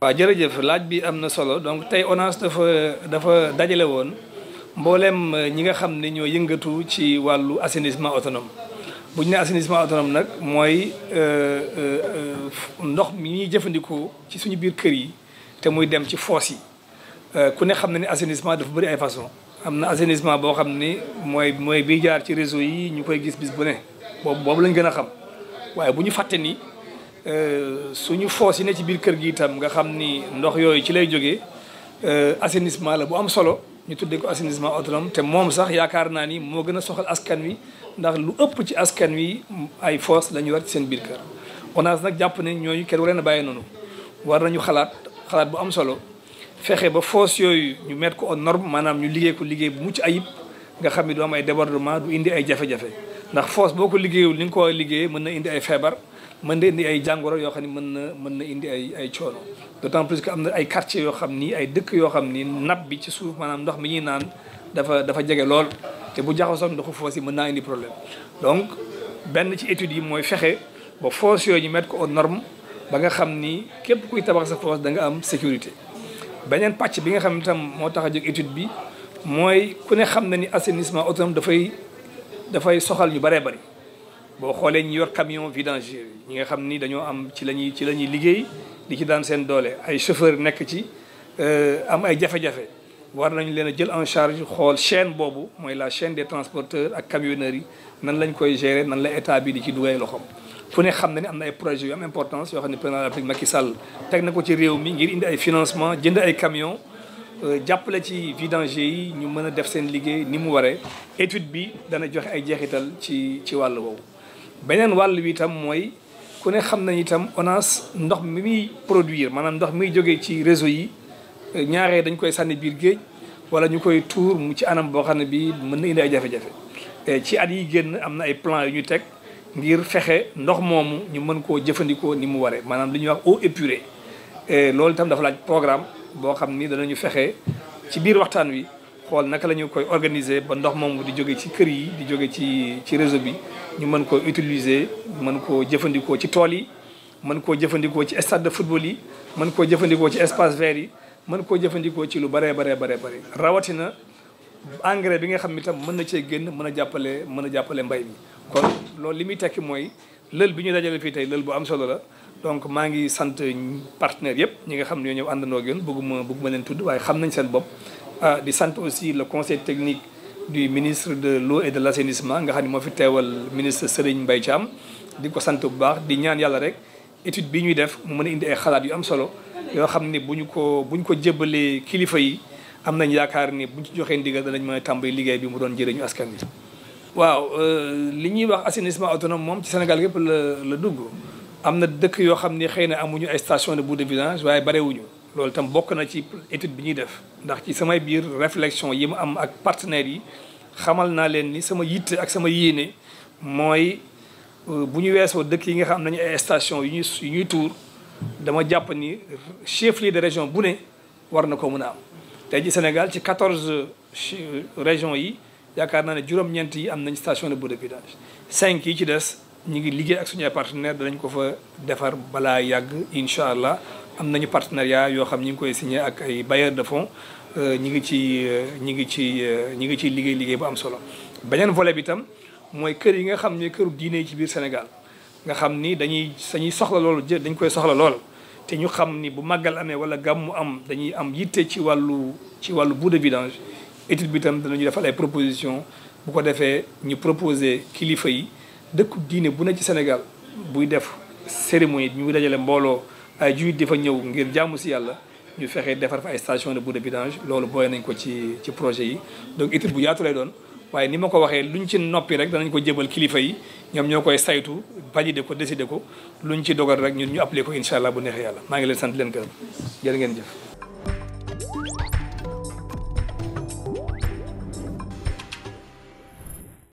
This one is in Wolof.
waaw jërëjëf laaj bi am na solo donc tey ONAS dafa dafa dajale woon mboolem euh, ñi nga xam ne ñoo yëngatu ci wàllu assainissement autonome bu ñu ne assainissement autonome nag mooy euh, euh, ndox mi ñuy jëfandikoo ci suñu biir kër yi te muy dem ci foos yi ku ne xam na ni assainissement dafa bëri ay façon am na assainissement boo xam ni mooy mooy bi jaar ci réseau yi ñu koy gis bis bu ne boobu boobu lañ gën a xam waaye bu ñu fàtte ni euh, suñu foos yi ne ci biir kër gi itam nga xam ni ndox yooyu ci lay jógee euh, assainissement la bu am solo ñu tuddee ko assainissement autonome te moom sax yaakaar naa ni moo gën a soxal askan wi ndax lu ëpp ci askan wi ay foos la ñu war seen biir kër ONAS nag jàpp ne ñooñu kenn war leen a bàyyi noonu war nañu xalaat xalaat bu am solo fexe ba foos yooyu ñu met ko on normes maanaam ñu liggéey ko liggéey bu mucc ayib nga xam ni du am ay du indi ay jafe ndax force boo ko liggéeyul ni nga ko war liggéeyee mën na indi ay feebar mën na indi ay jàngoro yoo xam ne mën na mën na indi ay ay coono d'autant plus que am na ay quartiers yoo xam ni ay dëkk yoo xam ni nappe bi ci suuf maanaam ndox mi ñuy naan dafa dafa jege lool te bu jaxasoon ndoxu foos yi mën naa indi problème donc benn ci études yi mooy fexe ba foos yooyu ñu mettre ko aux norme ba nga xam ni képp kuy tabax sa foos da nga am sécurité beneen pàcc bi nga xam ne tam moo tax a jóg étude bi mooy ku ne xam na ni assainissement autonome dafay dafay soxal ñu bëree bari boo xoolee ñu yor camion vidange ñi nga xam ni dañoo am ci la ñuy ci la ñuy liggéey di ci daan seen doole ay chauffeur nekk ci euh, am ay jafe-jafe war nañ leen a jël en charge xool chaine boobu mooy la chaine de transporteurs ak camionneurs yi nan lañ koy gérer nan la état bi di ci dugal loxoom. fu ne xam na ne am na ay projet yu am importance yoo xam ne président de la République Macky Sall teg na ko ci réew mi ngir indi ay financement jënd ay camions. Euh, jàppale ci vidanger yi ñu mën a def seen liggéey ni mu waree étude bi dana joxe ay jeexital ci ci wàll woowu. beneen wàll wi itam mooy ku ne xam nañ itam ONAS ndox mi muy produire maanaam ndox mi jógee ci réseau yi euh, ñaaree dañ koy sànni biir géej wala ñu koy tuur mu ci anam boo xam ne bii mën na indi ay jafe-jafe ci at yi génn am na ay plan yu ñu teg ngir fexe ndox moomu ñu mën koo jëfandikoo ni mu waree maanaam li ñuy wax eau épurée loolu tam dafa laaj programme. boo xam ni danañu fexe ci biir waxtaan wi xool naka lañu koy organiser ba ndox moom di jóge ci kër yi di jóge ci ci réseau bi ñu mën koo utiliser mën koo jëfandikoo ci tool yi mën koo jëfandikoo ci stade de football yi mën koo jëfandikoo ci espace vert yi mën koo jëfandikoo ci lu baree baree baree bëri rawatina engrais bi nga xam ni tam mën na cee génn mën a jàppale mën a jàppale mbay mi kon loolu li tekki mooy lël bi ñu dajale fii tey lël boo am solo la donc maa ngi sant partenaires yëpp ñu nga xam ne ñoo ñëw àndandoo ak yéen bëgguma bëgguma leen tudd waaye xam nañ seen bopp ah di sant aussi le conseil technique du ministre de l'eau et de l'assainissement nga xam ne moo fi teewal ministre mbay Mbaye am di ko sant bu baax di ñaan yàlla rek étude bi ñuy def mu mën a indi ay xalaat yu am solo yoo xam ni bu ñu ko bu ñu ko jébbalee kilifa yi am nañ yaakaar ni bu ñu ci joxee ndigal danañ mën a tàmbali liggéey bi mu doon jëriñu askan wi waaw euh, li ñuy wax assainissement autonome moom ci Sénégal yëpp la la dugg am na dëkk yoo xam ni xëy na amuñu ay station de boue de vidange waaye barewuñu loolu tam bokk na ci étude bi ñuy def ndax ci samay biir réflexion yi mu am ak partenaires yi xamal naa leen ni sama yitte ak sama yéene mooy euh, bu ñu weesoo dëkk yi nga xam nañu ay station yu ñuy yu ñuy tuur dama jàpp ni chef lieu de région bu ne war na ko mën a am tey ci Sénégal ci quatorze euh, régions yi yaakaar naa ne juróom-ñeent yi am nañ station de bouteillage cinq yi ci des ñu ngi liggéey ak suñu ay partenaires danañ ko fa defar balaa yàgg incha allah am nañu partenariat yoo xam ñu ngi koy signé ak ay bailleurs de fonds euh, ñi ngi ci euh, ñu ngi ci euh, ñi ngi ciy liggéey liggéey bu am solo. beneen vole bi itam mooy kër yi nga xam ni këru diine yi ci biir Sénégal nga xam ni dañuy dañuy soxla loolu jë dañ koy soxla lool. te ñu xam ni bu màggal amee wala gàmmu am dañuy am yitte ci wàllu ci wàllu boue de vidange. étude bi tam danañu defal ay proposition bu ko defee ñu proposer kilifa yi dëkku diine bu ne ci Sénégal buy def cérémonie ñu dajale mbooloo ay juit di fa ñëw ngir jàmm si yàlla ñu fexe defar fa ay station de boue de loolu booy nañ ko ci ci projet yi donc étude bu yaatu lay doon waaye ni ma ko waxee lu ñu ci noppi rek danañ ko jébal kilifa yi ñoom ñoo koy saytu validé ko décidé ko ñu ci dogal rek ñun ñu appliqué ko incha allah bu neexee maa ngi leen sant leen gërëm jërë ngeen